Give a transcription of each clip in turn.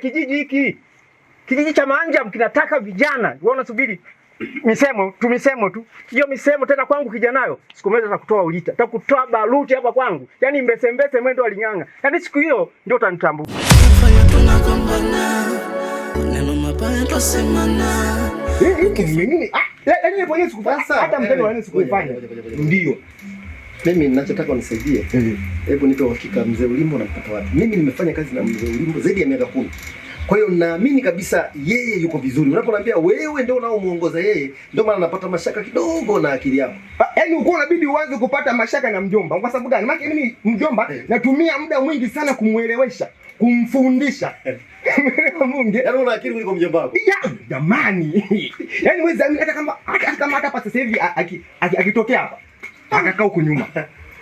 kijiji hiki kijiji cha Manjam kinataka vijana wao, nasubiri misemo tu, misemo tu hiyo misemo. Tena kwangu kijanayo, siku moja takutoa ulita, takutoa baruti hapa kwangu, yani mbesembese mwendo aling'anga, yani siku hiyo ndio utanitambua. Ah, eh, eh, ndio mimi ninachotaka unisaidie. Hebu nipe uhakika mzee Ulimbo nampata wapi? Mimi nimefanya kazi na mzee Ulimbo zaidi ya miaka kumi. Kwa hiyo naamini kabisa yeye yuko vizuri. Unaponiambia wewe ndio unaomuongoza yeye, ndio maana napata mashaka kidogo na akili yako. Ah, yaani uko unabidi uanze kupata mashaka na mjomba. Kwa sababu gani? Maana mimi mjomba eh. natumia muda mwingi sana kumuelewesha, kumfundisha. Eh. Mungu. Yaani una akili kuliko mjomba wako. Ya, jamani. Yaani mwezi hata kama hata kama hata pasa sasa hivi akitokea hapa akakaa huko nyuma,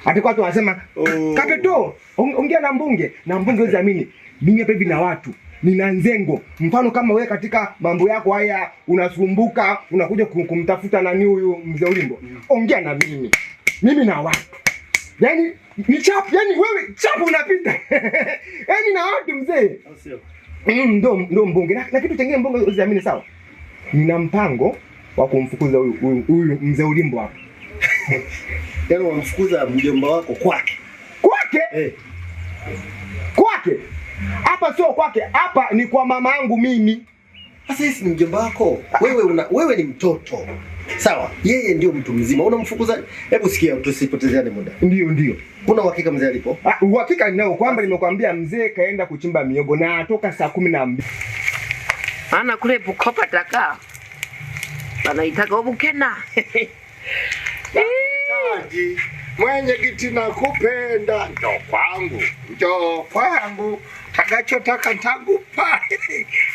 atakuwa tu anasema oh. Kapeto ongea na mbunge na mbunge wezi amini mimi hapa hivi na watu nina nzengo. Mfano kama we katika mambo yako haya unasumbuka, unakuja kumtafuta nani huyu mzee Ulimbo, ongea na mimi, mimi na watu yani ni chap, yani wewe chap unapita yani na watu mzee mm, ndo ndo mbunge na, na kitu chengine mbunge usiamini, sawa, nina mpango wa kumfukuza huyu huyu mzee Ulimbo hapa Yaani wamfukuza mjomba wako kwake kwake Eh. Kwake hapa sio kwake, hapa ni kwa mama yangu mimi. Sasa hisi ni mjomba wako wewe, una, wewe ni mtoto sawa, yeye ndio mtu mzima, unamfukuza. Hebu sikia, tusipotezeane muda. Ndio, ndio. Kuna uhakika mzee alipo? Ah, uhakika ninao kwamba nimekwambia mzee kaenda kuchimba miogo na atoka saa kumi na mbili ana kule Bukopa taka panaitaka obukena Taji mwenyekiti, nakupenda, ndo kwangu, ndo kwangu, takachotaka ntakupa.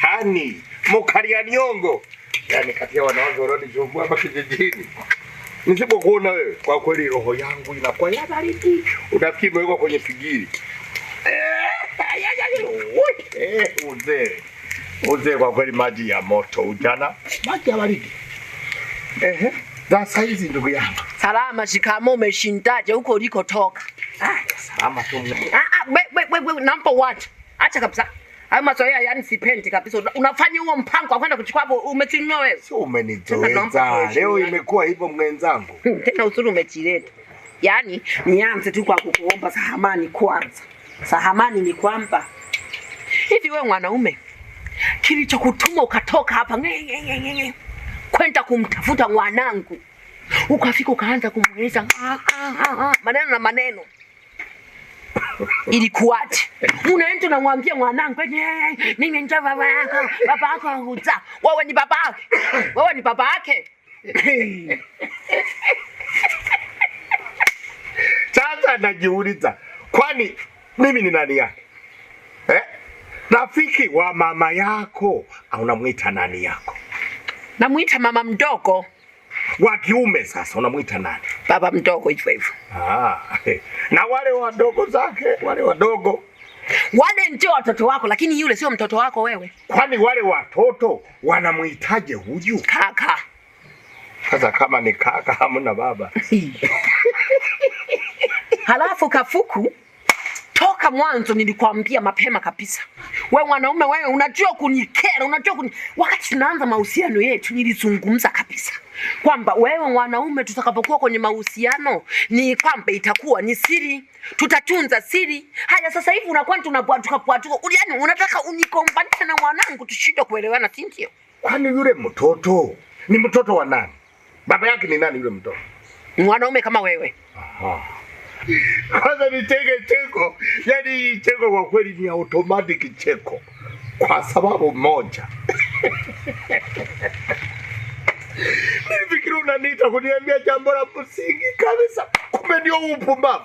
Hani mukalia nyongo, yani kati ya wanawake wanaonichumbua hapa kijijini nisipokuona wewe, kwa kweli roho yangu inakuwa yabaridi, unafikiri umewekwa kwenye figiri eh, eh, uzee. Uzee kwa kweli, maji ya moto, ujana maji ya baridi. Ehe. Za saizi ndugu yangu. Salama, shikamo, umeshindaje huko ulikotoka? Ah, salama tu. Ah, ah, we we we number 1. Acha kabisa. Hayo mazoea yani sipendi kabisa. Unafanya huo mpango wa kwenda kuchukua hapo umetimia wewe. Si umenizoeza. Leo imekuwa hivyo mwenzangu. Hmm, tena usuru umechileta. Yaani nianze tu kwa kukuomba sahamani kwanza. Sahamani ni kwamba hivi wewe mwanaume kilichokutuma ukatoka hapa nge, nge, nge, kwenda kumtafuta mwanangu, ukafika ukaanza kumweleza ah, ah, ah, maneno na maneno ilikuwaje? Unaenda unamwambia mwanangu, mimi ndio baba yako, baba yako huza wewe, ni baba yake, wewe ni baba yake. Sasa najiuliza, kwani mimi ni nani yake eh? Rafiki wa mama yako au unamwita nani yako? Namwita mama mdogo wa kiume. Sasa unamwita nani? Baba mdogo hivyo hivyo. Ah, na wale wadogo zake wale wadogo wale ndio watoto wako, lakini yule sio mtoto wako wewe. Kwani wale watoto wanamuitaje huyu kaka? Sasa kama ni kaka hamna baba halafu kafuku Toka mwanzo nilikwambia mapema kabisa, we mwanaume wewe, unajua kunikera, unajua kuni... wakati tunaanza mahusiano yetu nilizungumza kabisa kwamba wewe mwanaume, tutakapokuwa kwenye mahusiano ni kwamba itakuwa ni siri, tutatunza siri. Haya, sasa hivi unakuwa tunabwatuka bwatuka, yaani unataka unikombanisha na mwanangu tushindwe kuelewana, si ndio? Kwani yule mtoto ni mtoto wa nani? Baba yake ni nani yule mtoto? Mwanaume kama wewe. Aha kwanza nicheke cheko, yani cheko kwa kweli ni automatic cheko, kwa sababu moja mimi nilifikiri unaniita kuniambia jambo la msingi kabisa, kumbe ndio upumbavu.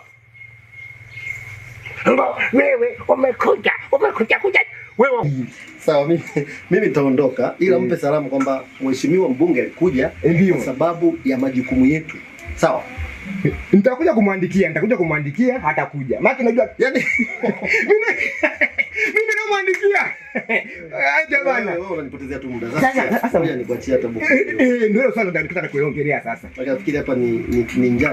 Wewe umekuja umekuja kuja wewe. Sawa, mimi mimi nitaondoka, ila mpe mm. salamu kwamba mheshimiwa mbunge alikuja kwa sababu ya majukumu yetu, sawa nitakuja kumwandikia, nitakuja kumwandikia, hatakuja maki, najua yani Mimi namwandikia. Aje bwana. Wewe unanipotezea tu muda. Sasa sasa Eh, ndio sana ndio kuongelea sasa. hapa ni ni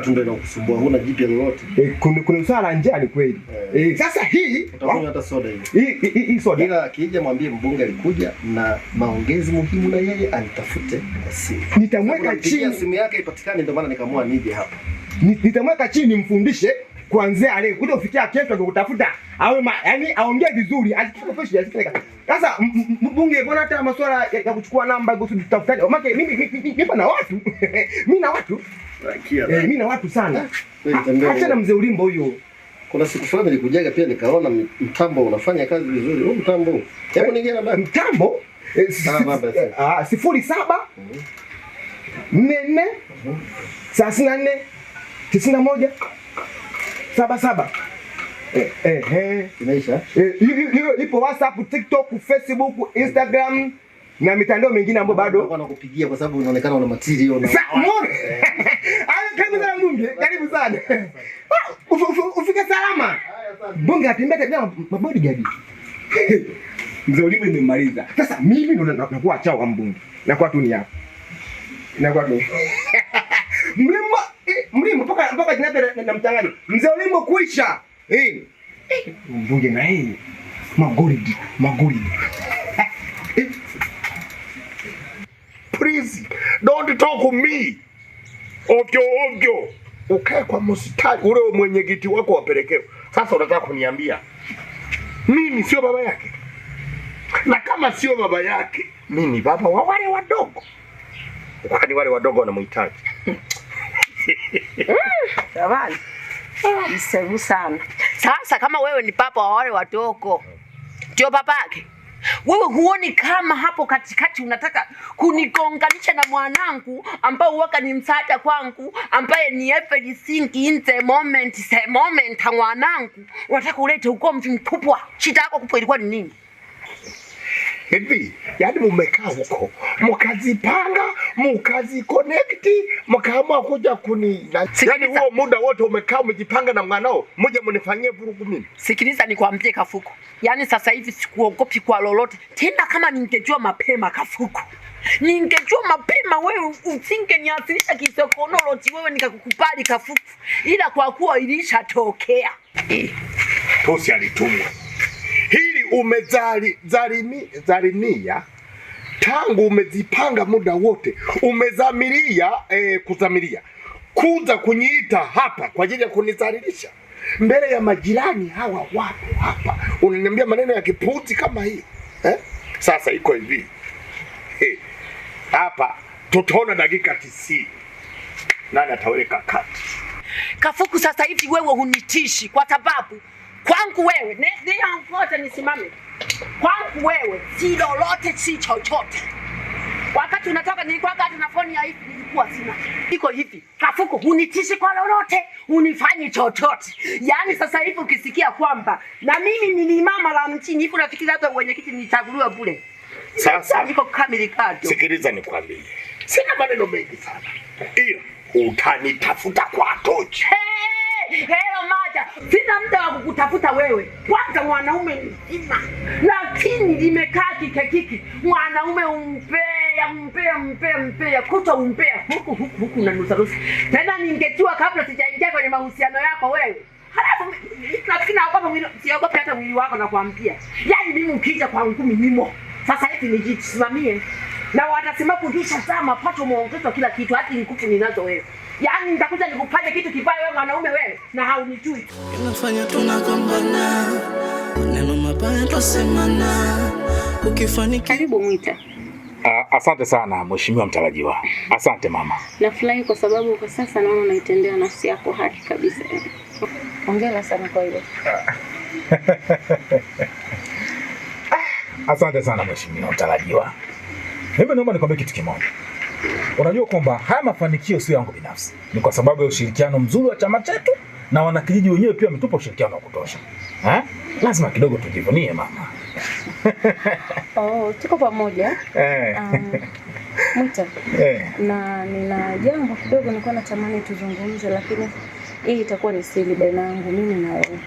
tu ndio Huna jipya lolote. Eh, kuna kuna usala njaa ni kweli. Eh, eh sasa hii utakunywa eh, hata soda hii. Hii hii soda. Ila akija mwambie mbunge alikuja na maongezi muhimu na yeye anitafute simu. Nitamweka chini. Simu yake ipatikane ndio maana nikaamua nije hapa. Nitamweka chini mfundishe kuanzia ale kuja kufikia kesho angekutafuta awe yaani aongee vizuri asikike fresh asikike. Sasa mbunge, mbona hata masuala ya kuchukua namba kuhusu tutafutani? Oh, maana mimi nipo na watu. Mimi na watu. Mimi eh, na watu sana. Acha na mzee Ulimbo huyo. Kuna siku fulani nilikujaga pia nikaona mtambo unafanya kazi vizuri. huu mtambo. Hebu eh, ningia na mtambo. Eh, ah, ah, sifuri saba mhm. nne nne mhm. thelathini na nne tisini na moja saba saba eh, eh, eh. Imeisha hiyo, eh, ipo WhatsApp, TikTok, Facebook, Instagram na mitandao mingine ambayo bado wanakupigia kwa sababu unaonekana una material na karibu sana mbunge, karibu sana ufike salama bunge, atembea tena mabodi jadi mzee ulimu nimemaliza. Sasa mimi ndo nakuwa chao kwa mbunge, nakuwa tu ni hapa, nakuwa tu Goba Kinata na mtangano. Mzee Olimbo kuisha. Eh. Mbunge na yeye. Magoridi, magoridi. Please don't talk to me. Ovyo ovyo. Ukae kwa mstari ule mwenyekiti wako wapelekewe. Sasa unataka kuniambia mimi sio baba yake? Na kama sio baba yake, mimi ni baba wa wale wadogo, kwani wale wadogo wanamhitaji Mm, jamani, msevu ah. sana. Sasa kama wewe ni papa wa wale watoko, ndio papake wewe huoni kama hapo katikati unataka kunikonganisha na mwanangu ambao waka ni msaada kwangu, ambaye ni everything in the moment, the moment mwanangu, unataka ulete uko ugomvi mkubwa? Shida yako kubwa ilikuwa ni nini? Hivi yaani mumekaa huko mkazipanga mkazi connect mkaamua kuja kuni yani, huo muda wote umekaa umejipanga na mwanao, mje mnifanyie vurugu mimi. Sikiliza nikwambie, Kafuku, yani sasa hivi sikuogopi kwa lolote tena. Kama ningejua mapema, Kafuku, ningejua mapema, wewe usingeniasilisha kisokonoloji, wewe nikakukubali, Kafuku, ila kwa kuwa ilishatokea eh, tosi alitumwa hili umezali zalimi zalimia tangu umezipanga muda wote, umezamiria eh, kuzamiria kuza kunyiita hapa kwa ajili ya kunizalilisha mbele ya majirani hawa wapo hapa, unaniambia maneno ya kipuzi kama hii eh? Sasa iko hivi eh, hapa hey, tutaona dakika tisini nani ataweka kati Kafuku. Sasa hivi wewe hunitishi kwa sababu kwangu wewe ne, ne, ne, nisimame Kwangu wewe si lolote, si chochote. Wakati unatoka nilikuwa kati na foni ya hivi, nilikuwa sina iko hivi kafuko, unitishi kwa lolote, unifanyi chochote. Yaani sasa hivi ukisikia kwamba na mimi ni mama la mchini hivi, unafikiri hata uwenyekiti nitaguliwa bure? Sasa niko kamili kado. Sikiliza nikwambie, sina maneno mengi sana, ila utanitafuta kwa tochi. Hey, hey macha, sina muda wa kukutafuta wewe. Kwanza mwanaume mzima, lakini limekaa kikekiki, mwanaume umpea mpea mpea mpea kuto umpea huku huku huku na nusarusi tena. Ningejua kabla sijaingia kwenye mahusiano yako wewe halafu lakini hapa mwili siogopi hata mwili wako na kuambia. Yaani mimi ukija kwa ngumi nimo. Sasa hivi nijisimamie. Na watasema kujisha sana mapato muongezo kila kitu hadi nikupe ninazo wewe. Yaani nitakuja nikupande kitu kibaya wewe mwanaume na haunijui. Inafanya tunagombana, maneno mabaya twasemana. Ukifanikiwa. Karibu Mwita. Uh, asante sana mheshimiwa mtarajiwa. Asante mama. Nafurahi kwa sababu kwa sasa naona unaitendea nafsi yako haki kabisa. Hongera sana kwa hilo. Asante sana mheshimiwa mtarajiwa. Mimi naomba nikwambie kitu kimoja. Unajua kwamba haya mafanikio sio yangu binafsi, ni kwa sababu ya ushirikiano mzuri wa chama chetu na wanakijiji wenyewe pia wametupa ushirikiano wa kutosha eh? Lazima kidogo tujivunie mama. Oh, tuko pamoja eh. Um, Mwita eh. na nina jambo kidogo nilikuwa natamani tuzungumze, lakini hii itakuwa ni siri baina yangu mimi na wewe.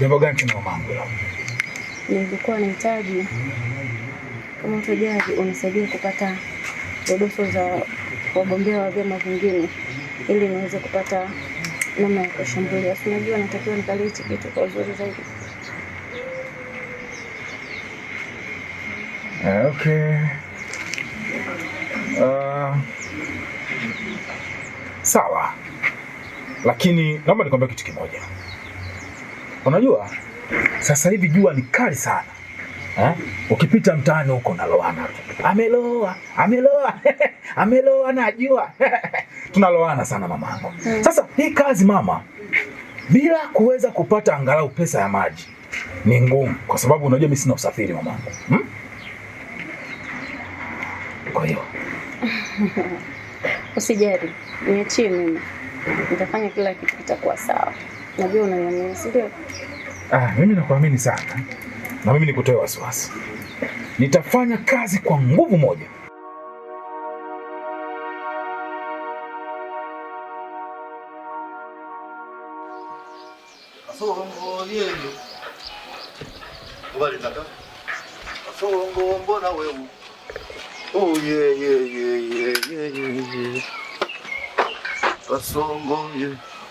Jambo gani tena mamangu? Nilikuwa nahitaji kama utajali unisaidia kupata dodoso za wagombea wa vyama vingine ili niweze kupata namna ya kushambulia. Si unajua natakiwa nikalie hichi kitu kwa uzuri zaidi. Ah, okay. Uh, sawa, lakini naomba nikwambie kitu kimoja. Unajua sasa hivi jua ni kali sana eh? Ukipita mtaani huko naloana ameloa ameloa ameloa, najua tunaloana sana mamangu. Hmm. Sasa hii kazi mama, bila kuweza kupata angalau pesa ya maji ni ngumu, kwa sababu unajua mimi sina usafiri mamangu, hmm? kwa hiyo usijali, niachie mimi, nitafanya kila kitu, kitakuwa sawa. Najua unaniamini, si ndio? Ah, mimi nakuamini sana na mimi nikutoe wasiwasi, nitafanya kazi kwa nguvu moja.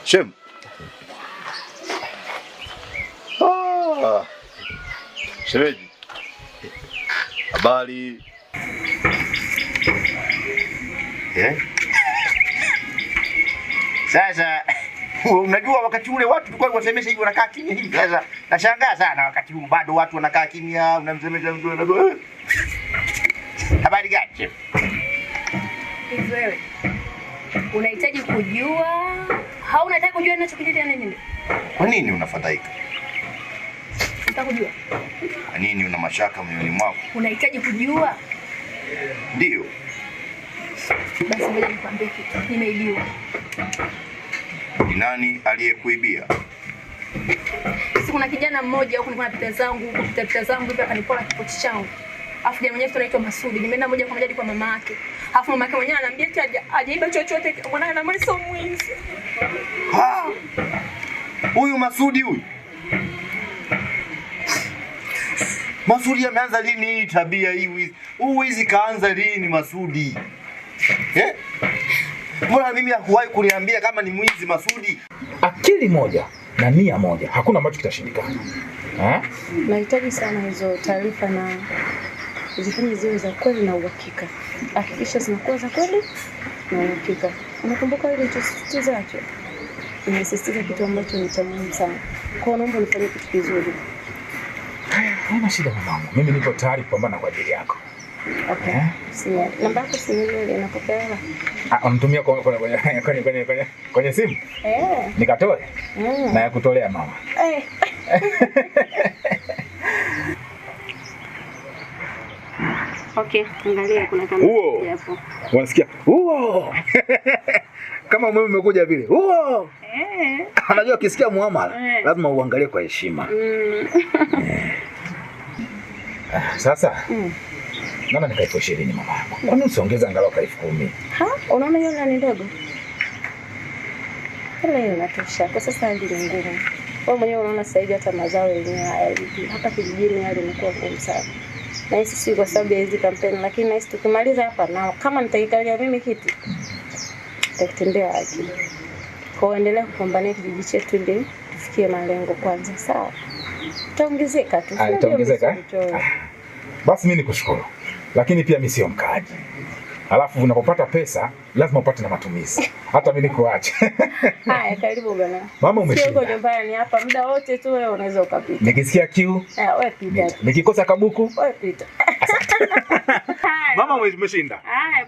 Shem. Ah. Shemeji, habari yeah. Sasa unajua wakati ule watu tulikuwa tunasemesha hivi wanakaa kimya hivi. Sasa nashangaa sana wakati huu bado watu wanakaa kimya, unamsemesha mtu anabwa. Eh? Habari gani chef? unahitaji kujua hauna unataka kujua ninachokitetea nini? Kwa nini unafadhaika? Unataka kujua Kwa nini? Una mashaka moyoni mwako, unahitaji kujua? Ndio. Basi ngoja nikwambie kitu, nimeibiwa. Ni nani aliyekuibia? Si kuna kijana mmoja huko, nilikuwa napita zangu huko, pita pita zangu hivi, akanipola kipochi changu, afu kijana mwenyewe anaitwa Masudi. Nimeenda moja kwa moja hadi kwa mama yake, afu mama yake mwenyewe ananiambia eti hajaiba chochote, mwanangu na mimi sio mwizi. Huyu Masudi huyu Masudi ameanza lini hii tabia hii wizi? Huu wizi kaanza lini Masudi? Eh? Mbona mimi hakuwahi kuniambia kama ni mwizi Masudi? Akili moja na nia moja, hakuna ambacho kitashindikana. Eh? Nahitaji sana hizo taarifa na zifanye ziwe za kweli na uhakika. Hakikisha zinakuwa za kweli na uhakika. Unakumbuka ile tulichosisitiza hapo? Nimesisitiza kitu ambacho ni cha muhimu sana. Kwa hiyo naomba nifanye kitu kizuri. Haina shida mwanangu, mimi niko tayari kupambana kwa ajili yako. Okay. Eh? Simu. Namba yako si nzuri ah, kwa kwenye simu? Eh. Nikatoe. Mm. Na yakutolea mama. Eh. Unasikia? Uo. Kama mimi umekuja vile. Uo. Eh. Anajua ukisikia muamala, lazima uangalie kwa heshima. Mm. Sasa mm. Naona ni elfu ishirini mama yangu, mm. kwani usiongeza angalau elfu kumi? Unaona hiyo nani ndogo hiyo inatosha kwa sasa, hali ngumu. Wewe mwenyewe unaona sasa hivi hata mazao yenyewe hayalipi hapa kijijini, hali imekuwa ngumu sana, na hisi si kwa sababu ya hizi kampeni, lakini na nahisi tukimaliza hapa na kama nitaikalia mimi kiti nitakitembea aji kwao. Endelea kupambania kijiji chetu ili tufikie malengo kwanza, sawa? itaongezeka tu, ah, itaongezeka. Ah, basi mimi nikushukuru, lakini pia mimi sio mkaaji Alafu unapopata pesa lazima upate na matumizi. Hata mimi nikuache. Haya, karibu bwana. Mama umeshinda. Sio nyumbani hapa muda wote tu wewe unaweza ukapita. Nikisikia kiu? Eh, wewe pita. Nikikosa kabuku? Wewe pita. Mama umeshinda.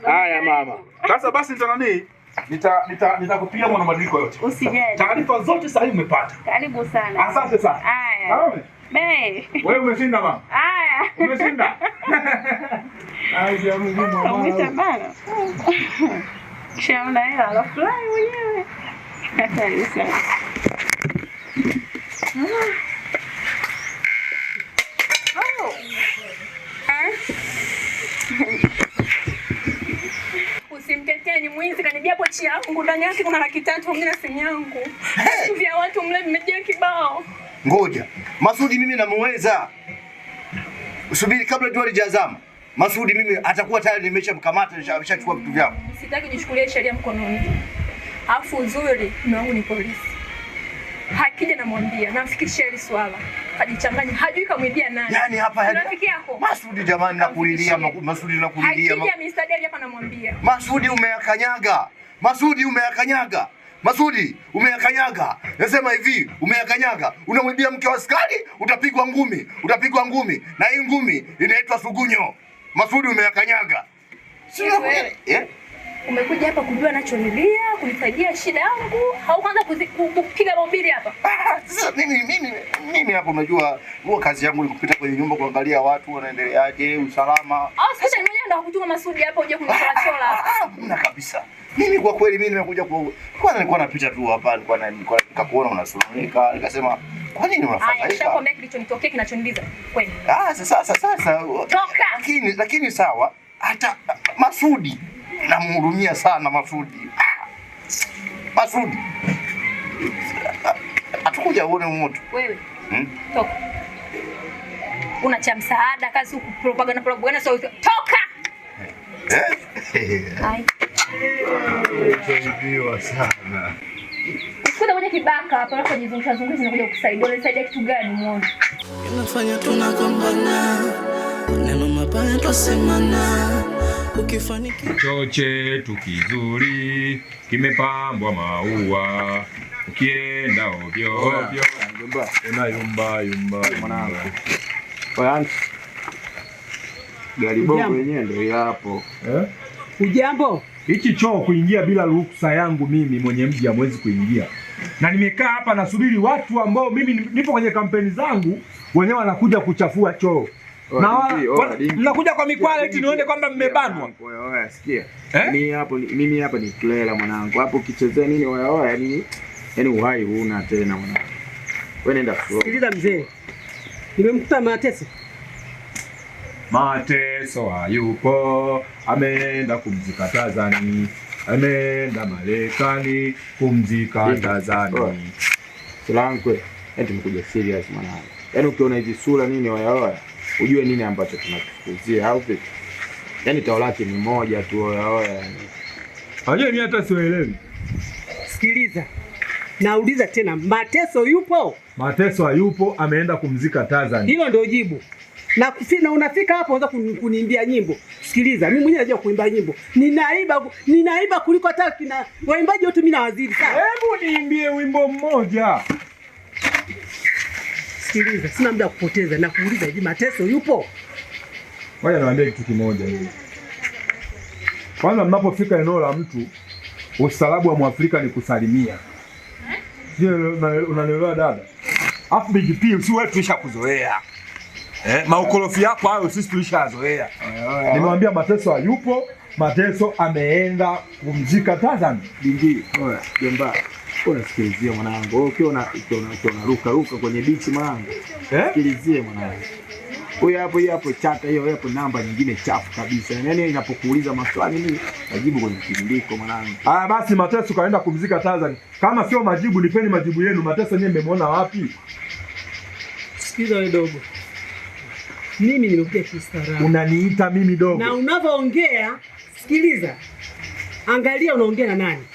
Haya, mama. Sasa basi ndio nani? nitakupigia nita, nita mwana mabadiliko yote. Usijali. Taarifa zote sahihi umepata. Karibu sana. Asante sana. Haya. Mimi. Wewe umeshinda mama. Haya. Umeshinda. Umeshinda bana. Kisha una hela alafu wewe mwenyewe. Hatari sana. pochi yangu ndani yake kuna laki tatu pamoja na simu yangu. Vitu vya watu mle vimejaa kibao. Ngoja. Masudi mimi namuweza. Subiri kabla jua lijazama. Masudi mimi atakuwa tayari nimeshamkamata nimeshachukua vitu vyako. Sitaki nishukulie sheria mkononi. Afu uzuri mume wangu ni polisi. Hakija namwambia, namfikishia hili swala. Kajichanganya, hajui kamwibia nani. Yaani hapa hadi. Rafiki yako. Masudi jamani nakulilia, Masudi nakulilia. Hakija Mr. Deli hapa namwambia. Masudi umeakanyaga. Masudi umeyakanyaga, Masudi umeyakanyaga. Nasema hivi, umeyakanyaga. Unamwibia mke wa askari, utapigwa ngumi, utapigwa ngumi, na hii ngumi inaitwa sugunyo. Masudi umeyakanyaga, sio wewe eh? Umekuja hapa kujua nachonilia, kunisaidia shida yangu, au kwanza kupiga mahubiri hapa. Sasa mimi mimi mimi hapo, unajua huwa kazi yangu ni kupita kwenye nyumba kuangalia watu wanaendeleaje, usalama. Ah, sasa mimi ndio hakutuma Masudi hapa uje kunichola chola. Hamna kabisa. Mimi kwa kweli mimi nimekuja kwa kwanza, nilikuwa napita tu hapa, nilikuwa na nilikuwa nikakuona unasuluhika, nikasema kwa nini unafadhaika? Haya, nishakwambia kilichonitokea kinachoniliza kweli. Ah, sasa sasa sasa, lakini lakini sawa, hata Masudi namhurumia sana Masudi. Ah, Masudi atakuja uone moto wewe. Hmm? Toka una cha msaada, kazi huku propaganda propaganda, so toka eh. Hai. Umesaidiwa sana. kizuri kwenye kibaka hapa zungusha zinakuja Unasaidia kitu gani Inafanya Maneno mabaya twasemana. Ukifanikiwa kimepambwa maua. Ukienda ovyo ovyo unayumba yumba mwanangu. Gari bongo yenyewe ndio hapo. Eh? Ujambo? hichi choo kuingia bila ruhusa yangu mimi mwenye mji hamwezi kuingia, na nimekaa hapa nasubiri watu ambao mimi nipo kwenye kampeni zangu, wenyewe wanakuja kuchafua choo na mnakuja kwa mikwale eti nione kwamba mmebanwa. Oya Sikia eh? mimi hapo, mimi hapa ni Clara mwanangu, hapo ukichezea nini oya oya, yani yaani yani uhai huna tena mwanangu. Wewe nenda slow. Sikiliza mzee, nimemkuta Matesi mateso hayupo, ameenda kumzika Tazani, ameenda Marekani kumzika Tazani. Sulankwe tumekuja serious mwanangu, yaani ukiona hizi sura nini oyaoya, ujue nini ambacho tunakufukuzia au vipi? Yaani tao ni moja tu oyaoya. Hajua ni hata sielewi. Sikiliza, nauliza tena, mateso yupo? Mateso hayupo, ameenda kumzika Tazani. Hilo ndio jibu na, kufi, na unafika hapo unaweza kuniimbia nyimbo. Sikiliza, mimi mwenyewe najua kuimba nyimbo, ninaiba ninaiba kuliko hata kina waimbaji wote, mimi nawazidi sana. Hebu niimbie wimbo mmoja. Sikiliza, sina muda kupoteza na kuuliza, je, Mateso yupo? Wacha niwaambie kitu kimoja hivi. Kwanza mnapofika eneo la mtu, ustaarabu wa Mwafrika ni kusalimia. Je, unanielewa dada? Afu BGP si wewe tulishakuzoea. Eh, maukorofi yako hayo sisi tulishazoea. Eh, eh. Nimemwambia Mateso hayupo, Mateso ameenda kumzika Tazan. Bingi, oya, jomba. Unasikilizia mwanangu. Ukiwa una ukiwa ruka ruka kwenye bichi mwanangu. Eh? Sikilizie mwanangu. Huyo hapo hiyo hapo chata hiyo hapo namba nyingine chafu kabisa. Yaani, yaani inapokuuliza maswali mimi najibu kwenye kimbiko mwanangu. Ah, basi Mateso kaenda kumzika Tazan. Kama sio majibu nipeni majibu yenu. Mateso nyewe mmemwona wapi? Sikiza wewe mimi nimekuja kistaarabu. Unaniita mimi dogo? Na unavyoongea, sikiliza, angalia unaongea na nani.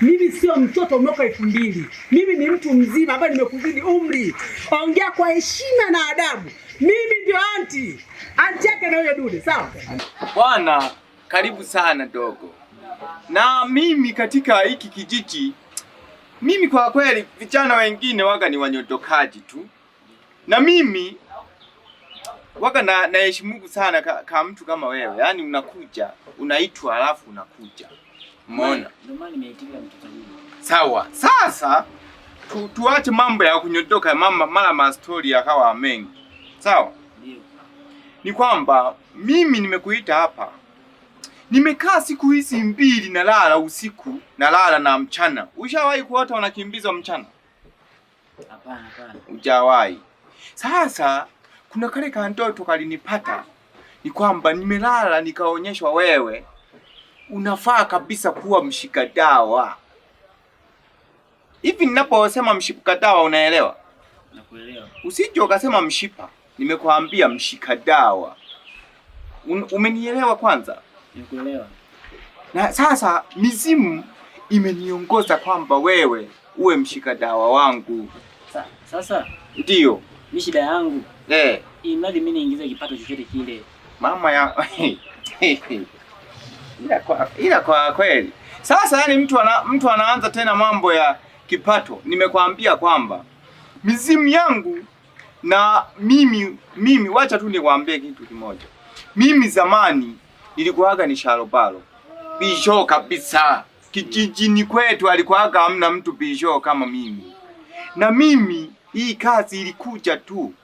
Mimi sio mtoto mwaka elfu mbili. Mimi ni mtu mzima ambaye nimekuzidi umri. Ongea kwa heshima na adabu. Mimi ndio anti anti yake na huyo dude, sawa bwana. Karibu sana dogo. Na mimi katika hiki kijiji, mimi kwa kweli vijana wengine waga ni wanyotokaji tu, na mimi waka na naheshimu sana ka, ka mtu kama wewe, yani unakuja unaitwa alafu unakuja umeona. Sawa, sasa tu, tuache mambo ya kunyotoka mama mara story yakawa mengi. Sawa, ni kwamba mimi nimekuita hapa, nimekaa siku hizi mbili na lala usiku na lala na mchana. Ushawahi kuota unakimbizwa mchana? Hapana, hapana, ujawahi Sasa kuna kale kandoto kalinipata, ni kwamba nimelala nikaonyeshwa wewe unafaa kabisa kuwa mshika dawa. Hivi ninaposema mshika dawa unaelewa? Nakuelewa. Usije ukasema mshipa, nimekuambia mshika dawa. Umenielewa kwanza? Nakuelewa. Na sasa mizimu imeniongoza kwamba wewe uwe mshika dawa wangu. Sa, sasa ndio mishida shida yangu eh, imradi mimi niingize kipato chochote kile mama ya ila kwa ila kwa kweli sasa, yani mtu ana, mtu anaanza tena mambo ya kipato. Nimekwambia kwamba mizimu yangu na mimi mimi, wacha tu nikwambie kitu kimoja. Mimi zamani nilikuwaga ni sharobaro bisho kabisa kijijini kwetu, alikuwaga hamna mtu bisho kama mimi, na mimi hii kazi ilikuja tu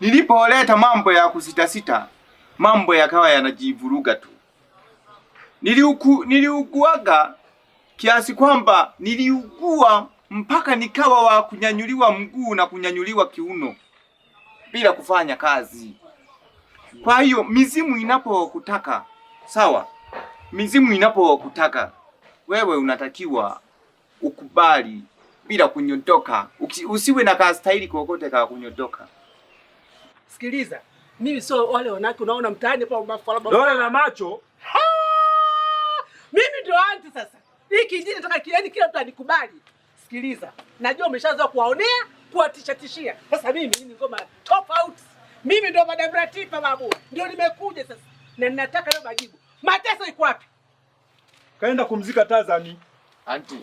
Nilipoleta mambo ya kusitasita, mambo yakawa yanajivuruga tu. Niliuku, niliuguaga kiasi kwamba niliugua mpaka nikawa wa kunyanyuliwa mguu na kunyanyuliwa kiuno bila kufanya kazi. Kwa hiyo mizimu inapokutaka, sawa, mizimu inapokutaka wewe unatakiwa ukubali bila kunyodoka, usiwe na kastahili kokote ka kunyotoka. Sikiliza, mimi sio wale wanawake unaona mtaani Lola na macho. Mimi ndio anti sasa. Hii kijiji nataka kieni kila mtu anikubali. Sikiliza, najua umeshaanza kuwaonea, kuwatishatishia. Sasa mimi ni ngoma tofauti. Mimi ndio madam Ratifa babu. Ndio nimekuja sasa. Na ninataka leo majibu. Mateso iko wapi? Kaenda kumzika Tazani. Anti,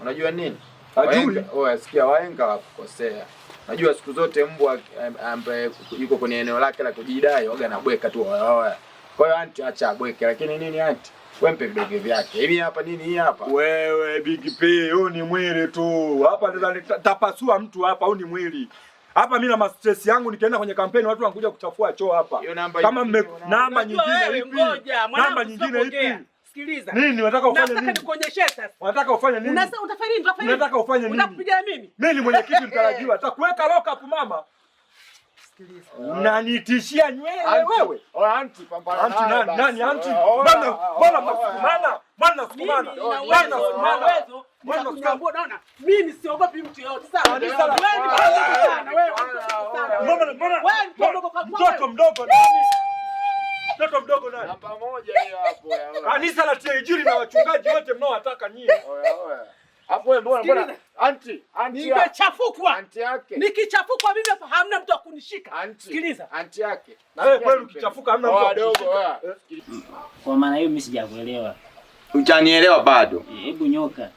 unajua nini? Ajui. oh, sikia wahenga wakukosea. Najua siku zote mbwa eh, ambaye yuko kwenye eneo lake la kujidai waga bweka tu oya oya. Kwa hiyo anti acha abweke, lakini nini anti? Wempe vidoge vyake. Hivi hapa nini hii hapa? Wewe Big P, huyu ni mwili tu. Hapa tapasua mtu hapa, huyu ni mwili. Hapa mimi na mastress yangu nikienda kwenye kampeni watu wanakuja kuchafua choo hapa. Kama namba nyingine ipi? Namba nyingine ipi? kunisikiliza. Nini unataka ufanye nini? Nataka nikuonyeshe sasa. Unataka ufanye nini? Unasema utafanya nini? Utafanya nini? Unataka ufanye nini? Unakupigia mimi. Mimi ni mwenyekiti mtarajiwa. Atakuweka lock up mama. Sikiliza. Unanitishia nywele wewe. Oh anti pambana. Anti nani? Nani anti? Bana bana msukumana. Bana msukumana. Bana msukumana. Mimi siogopi mtu yeyote. Sawa. Wewe ni mdogo sana wewe. mdogo mdogo. Mtoto mdogo nani? Mtoto mdogo nani? Namba moja hiyo hapo ya. Kanisa la TAG na wachungaji wote mnaowataka nyie. Oya oya. Hapo wewe mbona mbona anti anti nimechafukwa. Anti yake. Nikichafukwa mimi hapa hamna mtu akunishika. Anti. Sikiliza. Anti yake. Na wewe kweli ukichafuka hamna mtu akunishika. Eh? Kwa maana hiyo mimi sijakuelewa. Hujanielewa bado. Eh, hebu nyoka.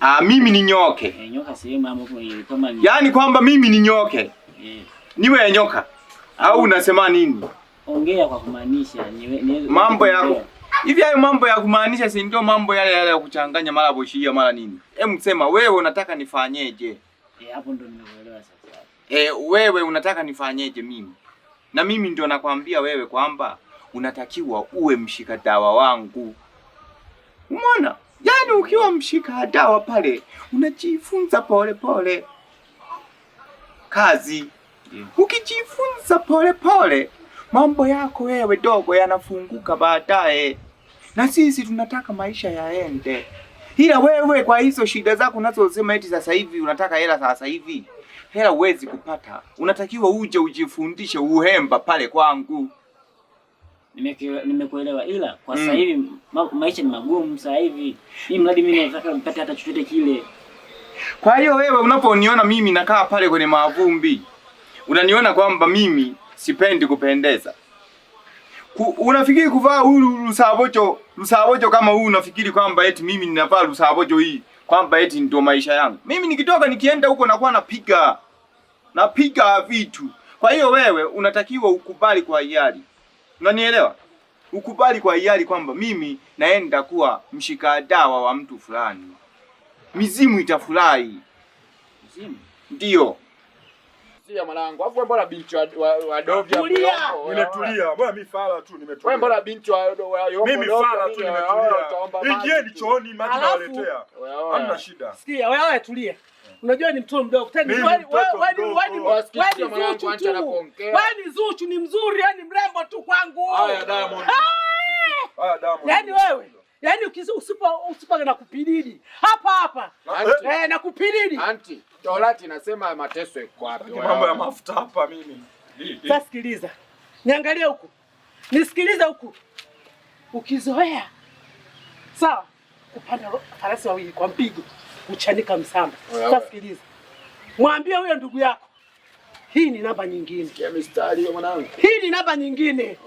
Ah, mimi ni nyoke. E, nyoka sehemu hapo kama. ni. Yaani kwamba mimi ni nyoke. E. Niwe nyoka. Au unasema nini? ongea kwa kumaanisha. Mambo ya hivi hayo mambo ya kumaanisha, si ndio mambo yale yale ya kuchanganya mara boshia mara nini? Hebu sema wewe unataka nifanyeje? Eh, hapo ndo nimekuelewa sasa. Eh, wewe unataka nifanyeje mimi? Na mimi ndio nakwambia wewe kwamba unatakiwa uwe mshika dawa wangu. Umeona? Yaani ukiwa mshika dawa pale unajifunza pole pole kazi. Yeah. Ukijifunza pole pole mambo yako wewe dogo yanafunguka baadaye, na sisi tunataka maisha yaende, ila wewe kwa hizo shida zako unazosema eti sasa hivi unataka hela, sasa hivi hela uwezi kupata, unatakiwa uje ujifundishe uhemba pale kwangu. Nimekuelewa, ila kwa mm. sasa hivi mm. ma maisha ni magumu sasa hivi, mimi mradi mimi nataka nipate hata chochote kile. Kwa hiyo wewe unaponiona mimi nakaa pale kwenye mavumbi, unaniona kwamba mimi sipendi kupendeza. Ku, unafikiri kuvaa huu lusabocho lusabocho kama huu, unafikiri kwamba eti mimi ninavaa lusabocho hii kwamba eti ndio maisha yangu? Mimi nikitoka nikienda huko nakuwa napiga napiga vitu. Kwa hiyo wewe unatakiwa ukubali kwa hiari, unanielewa? Ukubali kwa hiari kwamba mimi naenda kuwa mshika dawa wa mtu fulani, mizimu itafurahi. Mizimu ndio Tulia mwanangu. Alafu mbona binti wa wa hapo? Tulia. Nimetulia. Mbona mimi fala tu nimetulia. Wewe mbona binti wa wa Yombo? Mimi fala tu nimetulia. Ingieni chooni maji nawaletea. Hamna shida. Sikia, wewe wewe tulia. Eh. Unajua ni mtoto mdogo. Tena wewe wewe ni wewe ni Zuchu ni mzuri, yani mrembo tu kwangu. Haya Diamond. Haya Diamond. Yaani wewe Yaani usipo usipo na kupilili hapa hapa eh, na kupilili. Anti, Torati inasema mateso yako wapi? Mambo ya mafuta hapa mimi. Sasa sikiliza, niangalie huku, nisikilize huku. Ukizoea sawa, kupanda farasi wawili kwa mpigo, uchanika msamba. Sasa sikiliza, mwambie huyo ndugu yako hii ni namba nyingine. Hii ni namba nyingine.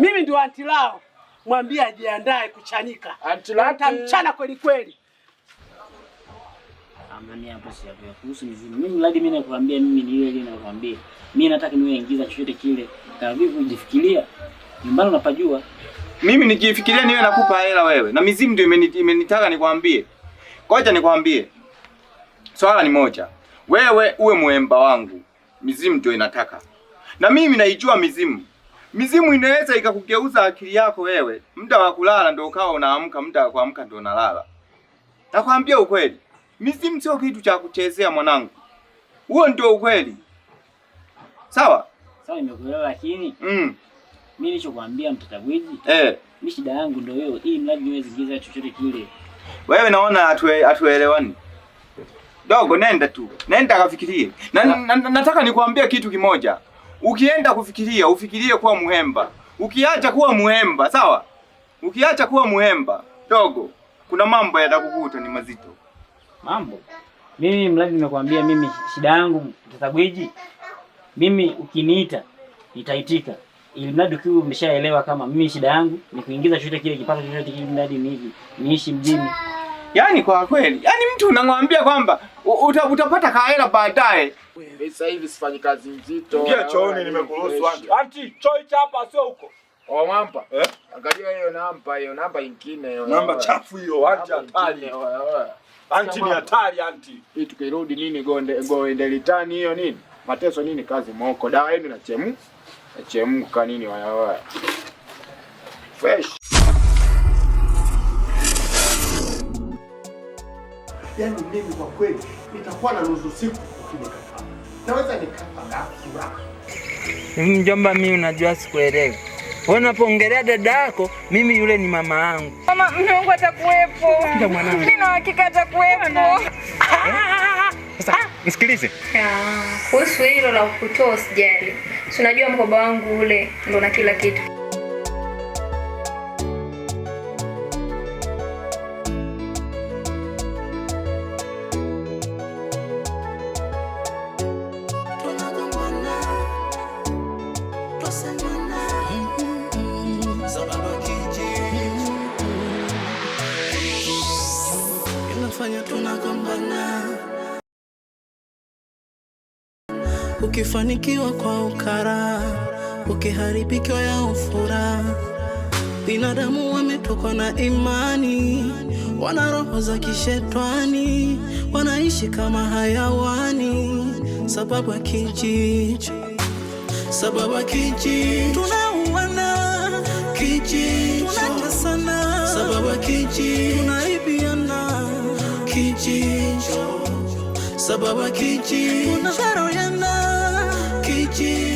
Mimi ndio anti lao mwambie ajiandae kuchanika, hata mchana kweli kweli. Amani hapo si hapo kuhusu mizimu. Mimi mradi mimi nakwambia mimi ni yule nakwambia. Mimi nataka niwe ingiza chochote kile. tabibu vipi ujifikiria? Nyumbani unapajua. Mimi nikifikiria niwe nakupa hela wewe. Na mizimu ndio imenitaka nikwambie. Ngoja nikwambie. Swala ni moja. Wewe uwe mwemba wangu. Mizimu ndio inataka. Na mimi naijua mizimu. Mizimu inaweza ikakugeuza akili yako wewe, muda wa kulala ndio ukawa unaamka, muda wa kuamka ndio unalala. Nakwambia ukweli, mizimu sio kitu cha kuchezea mwanangu, huo ndio ukweli. Sawa sawa, nimekuelewa. Lakini mm. mimi nilichokuambia mtata gwiji eh, mimi shida yangu ndio hiyo, ili mradi niweze kuingiza chochote kile. Wewe naona atue atuelewani dogo, nenda tu, nenda kafikirie na, na, nataka nikuambia kitu kimoja Ukienda kufikiria ufikirie kuwa muhemba, ukiacha kuwa muhemba sawa, ukiacha kuwa muhemba dogo, kuna mambo yatakukuta ni mazito. Mambo mimi mradi, nimekwambia mimi shida yangu mtatagwiji, mimi ukiniita nitaitika, ili mradi ukiwa umeshaelewa kama mimi shida yangu ni kuingiza chochote kile kipato chochote kile, mradi niishi mjini. Yaani kwa kweli, yaani mtu unamwambia kwamba uta, utapata kahela baadaye. Sasa hivi sifanyi kazi nzito. Ingia chooni yaani nimekuruhusu anti. Choi cha hapa sio huko. Oh mampa. Eh? Angalia hiyo namba hiyo, namba nyingine hiyo. Namba chafu hiyo, anti hatari. Anti ni hatari anti. Hii tukirudi nini gonde goende litani hiyo nini? Mateso nini kazi moko. Dawa yenu na chemu. Chemka nini waya waya. Fresh. yani mimi kwa kweli nitakuwa na nusu siku ukinikataa. Naweza nikataa. Mimi mjomba, mm, mimi unajua sikuelewi. Wewe unapoongelea dada yako, mimi yule ni mama yangu. Mama wangu atakuwepo. Mimi na hakika atakuwepo. Eh? Sasa nisikilize. Kuhusu hilo la kutoa usijali. Si unajua mkoba wangu ule ndo na kila kitu. ukifanikiwa kwa ukara, ukiharibikiwa ya ufura. Binadamu wametokwa na imani, wana roho za kishetwani, wanaishi kama hayawani, sababu ya kijiji, sababu ya kijiji, tunauana kijiji, tunatesana, sababu ya kijiji, tunaibiana kijiji, sababu ya kijiji, tunadharauana de